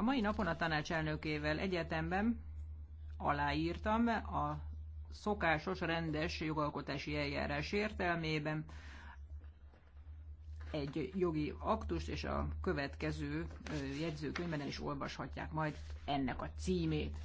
A mai napon a tanács elnökével egyetemben aláírtam a szokásos, rendes jogalkotási eljárás értelmében egy jogi aktust, és a következő jegyzőkönyvben el is olvashatják majd ennek a címét.